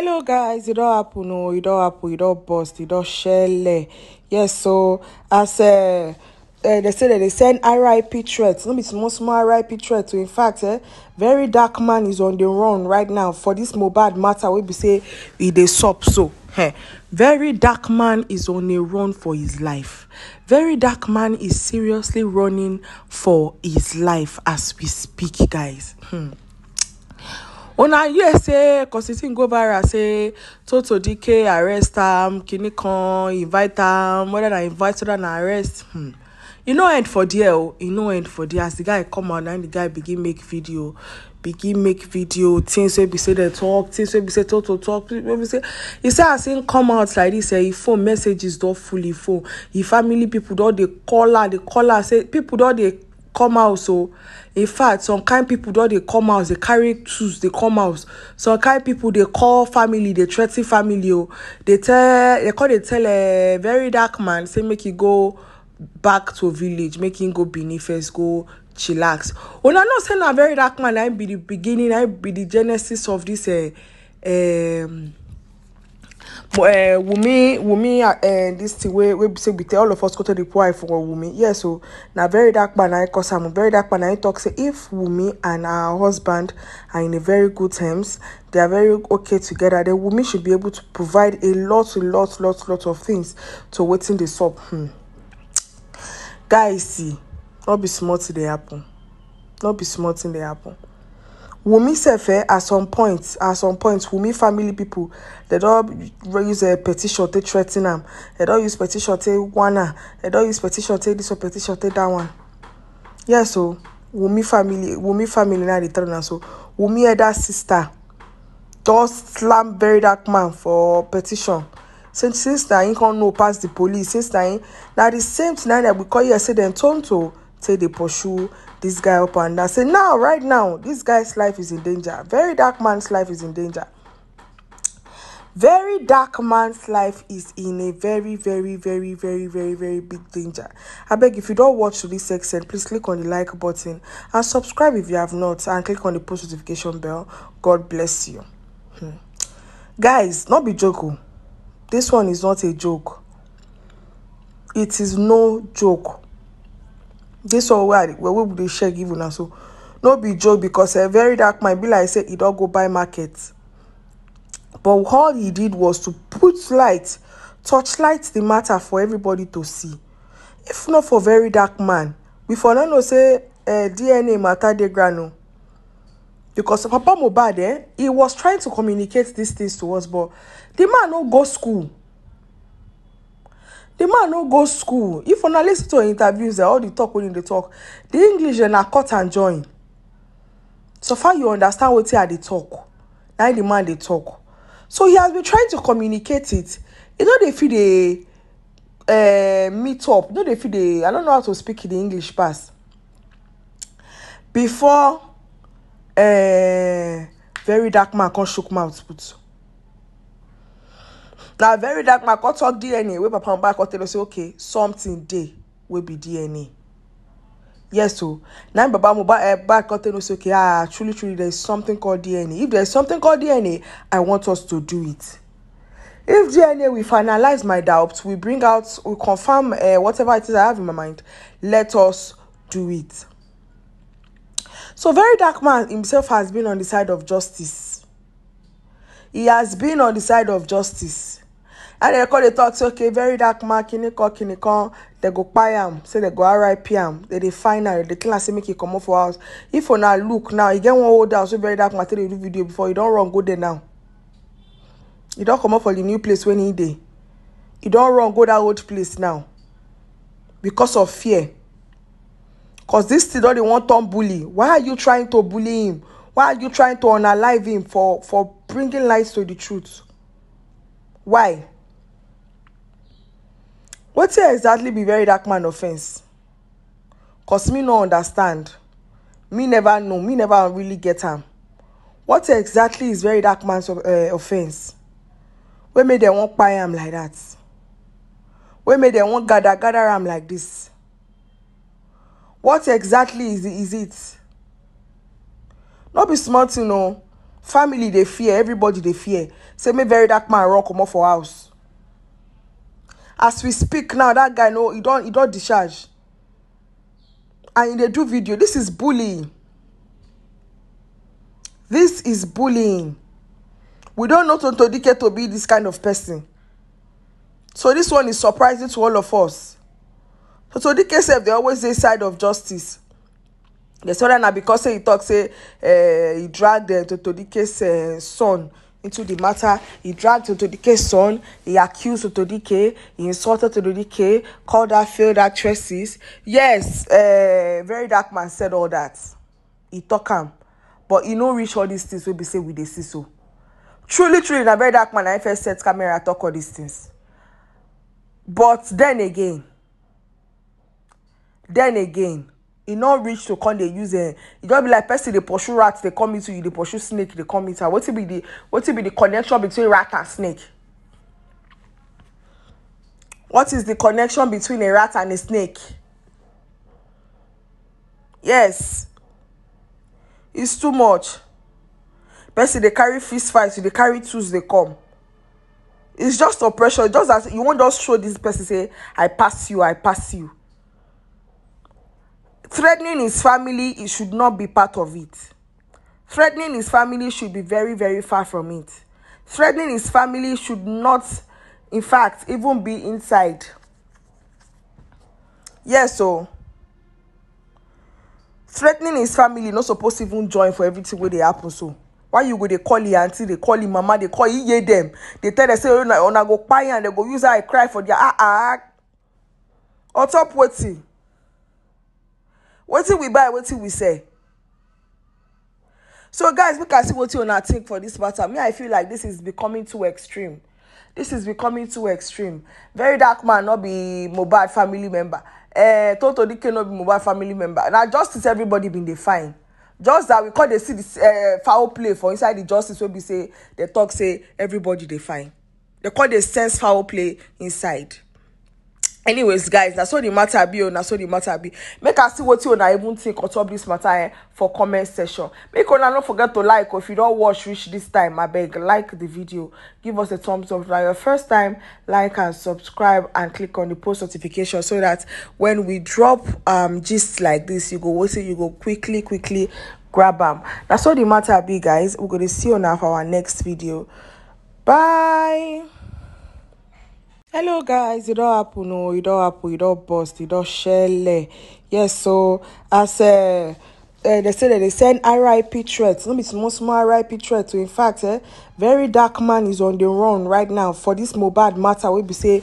hello guys e don happen o oh. e don happen e don burst e don shele yes so as uh, uh, they say that they send rip threats, no be small small rip threats. So in fact eh, very dark man is on the run right now for this mohbad matter wey be say e dey sup so eh. very dark man is on a run for his life very dark man is seriously running for his life as we speak guys. Hmm una hear say constantine go viral say toto dike arrest am kini kan invite am whether na invite whether na arrest hmm. e no end for there o e no end for there as the guy come out na the guy begin make video begin make video things wey be say dem talk things wey be say toto talk wey be say e say as im come out like this eh e phone messages don full e phone e family people don dey call am dey call am say people don dey come out, so in fact some kind people don dey come out. dey carry tools dey come out. some kind people dey call family dey threa ten family o oh. dey tell dey come dey tell a eh, very dark man say make e go back to village make im go benin first go chillax una know say na very dark man na be the beginning na be the genesis of this uh, um, uh, eh, Wumi Wumi uh, eh, this thing wey wey be say we tell all of us go to dey pour for Wumi yes o na very dark man na cause am very dark man na talk say if Wumi and her husband are in a very good terms they are very okay together then Wumi should be able to provide a lot a lot lot lot of things to wetin dey sup hmm. guys see no be small thing dey happen no be small thing dey happen. Wunmi sef eh, at some point at some point Wunmi family people. They don't use a petition to threaten them. They don't use petition to wanna. They don't use petition to this or petition to that one yes o Wunmi family Wunmi family now. dey threaten am so Wunmi elder sister don slam very dark man for petition Since since that, him come know pass the police since that, him the same thing we call you, I said then turn to take the pursue this guy up and down. Say now, right now, this guy's life is in danger. Very dark man's life is in danger. Very dark man's life is in a very, very, very, very, very, very big danger. I beg if you don't watch this section please click on the like button and subscribe if you have not, and click on the post notification bell. God bless you. Hmm. Guys, not be joking. Oh. This one is not a joke. It is no joke. dis one where we dey share give una so no be joke becos eh, very dark mind be like say he don't go buy market but all he did was to put light torchlight the matter for everybody to see if not for very dark man we for no know say eh, dna matter de ground because papa mohbad eh he was trying to communicate these things to us but the man no go school The man no go school if una lis ten to im interviews eh, all the talk wey im dey talk the english eh, na cut and join so far you understand wetin i dey talk na the man dey talk so he has been trying to communicate it e no dey fit dey eh, meet up no dey fit dey i no know how to speak the english pass before uh, very dark man come shook mouth put na very dark man come talk dna wey papa back. come tell us say okay something dey wey be dna yes o na im baba eh, mohbad back. come tell us say okay ah truly truly there is something called dna if there is something called dna i want us to do it if dna we finalize my doubt we bring out we confirm uh, whatever it is i have in my mind let us do it so very dark man himself has been on the side of justice he has been on the side of justice and dem come dey talk say okay very dark man kinikan kinikan dem go kpai am say dem go rip am they dey find am They dey tell am say make e comot for house if una look now e get one old house wey very dark man tell you do video before You don run go there now e don comot for the new place wey he dey you don run go that old place now because of fear cause this thing don dey wan turn bully why are you trying to bully him why are you trying to unalive him for for bringing light to the truth why wetin exactly be very dark man offense Cause me no understand me never know me never really get him. what exactly is very dark man's uh, eh, offense wey make dem wan kpai am like that wey make they wan gather gather him like this what exactly is, is it Not be smart thing know. family they fear everybody they fear say me very dark man run comot for house as we speak now that guy no he don't, he don't discharge and they do video This is bullying This is bullying we don't know tonto dike to be this kind of person so this one is surprising to all of us tonto dike sef they always dey side of justice dey say now because say e eh, tok say e drag eh, tonto dike's eh, son into the matter. He dragged Totodike son. He accused Totodike. He insulted Totodike. Called her failed actresses. Yes, uh, very dark man said all that. He talk am, but he no reach all these things wey be say we dey see so. Truly, truly, na very dark man na first set camera talk all these things. But then again, then again, e no reach to come dey use eh, e just be like person dey pursue rat dey come meet you you dey pursue snake dey come meet her wetin be the wetin be the connection between rat and snake what is the connection between a rat and a snake yes it's too much person dey carry fist fight you dey carry tools dey come it's just oppression just as you wan just show this person say i pass you i pass you threatening his family it should not be part of it threatening his family should be very very far from it threatening his family should not in fact even be inside yes o so, threatening his family no suppose even join for everything where they happen so why you go They call him aunty they call him mama They call iye them. They tell dem say oh, una go kpai am dem go use I cry for their ah ah on top wetin wetin we buy wetin we sell so guys make i see wetin una think for this matter me i feel like this is becoming too extreme This is becoming too extreme very dark man no be mohbad family member eh toto dike no be mohbad family member na justice everybody bin dey find just that we come dey see this uh, foul play for inside the justice wey be say dey talk say everybody dey fine dey come dey sense foul play inside anyways guys na so the matter be o na so the matter be make i see wetin una even think on top this matter eh, for comment section make una no forget to like or if you don watch reach this time abeg like the video give us a thumbs up na your first time like and subscribe and click on the post notification so that when we drop um, gist like this you go wetin you go quickly quickly grab am na so the matter be guys we go dey see una for our next video bye hello guys e don happen o oh. e don happen e don burst e don shele yes so as uh, uh, they say that they send rip threats. no be small small rip threat So in fact eh, very dark man is on the run right now for this mohbad matter wey be say